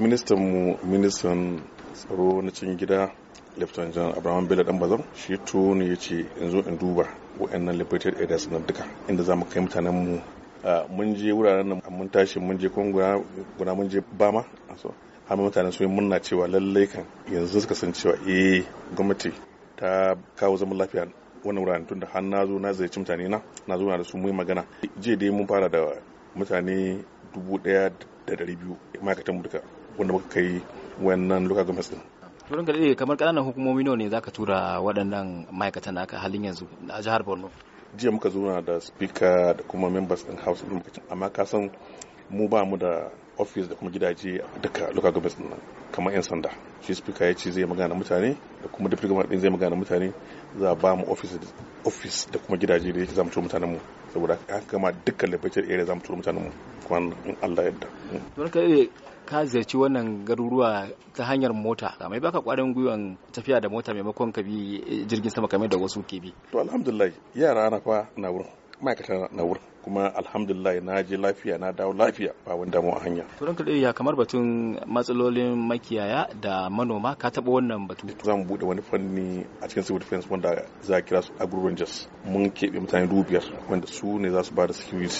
ministan mu ministan tsaro na cikin gida Lieutenant General Abraham Bello dan bazam shi tuni ya ce in zo in duba waɗannan liberated areas na duka inda za mu kai mutanen mu mun je wuraren nan mun tashi mun je kuma guna mun je bama har mutanen su yi cewa lallai kan yanzu suka san cewa eh gwamnati ta kawo zaman lafiya wannan wuraren tunda har na zo na mutane na na zo na da su mu magana jiya dai mun fara da mutane 1,200 ma'aikatan mu duka wanda muka kai wannan local government din turin ka kamar kananan hukumomi ne za ka tura waɗannan ma'aikatan naka halin yanzu a jihar Borno jiya muka zo da speaker da kuma members din house din amma ka san mu ba mu da office da kuma gidaje duka local government din nan kamar 'yan sanda shi speaker ya ce zai magana mutane da kuma da firgama din zai magana mutane za a ba mu office da kuma gidaje da yake za mutanen mu saboda haka kama dukkan lafiyar area za mu mutanen mu kuma in Allah yadda to ka ka ziyarci wannan garuruwa ta hanyar mota mai baka kwarin gwiwan tafiya da mota maimakon ka bi jirgin sama kamar da wasu ke bi to alhamdulillah yara na fa na wurin ma'aikata na wurin kuma alhamdulillah na je lafiya na dawo lafiya ba wani damu a hanya. Turan kaɗai ya kamar batun matsalolin makiyaya da manoma ka taɓa wannan batun. Za mu buɗe wani fanni a cikin civil defense wanda za a kira su agro rangers mun keɓe mutane dubu biyar wanda su ne za su ba da security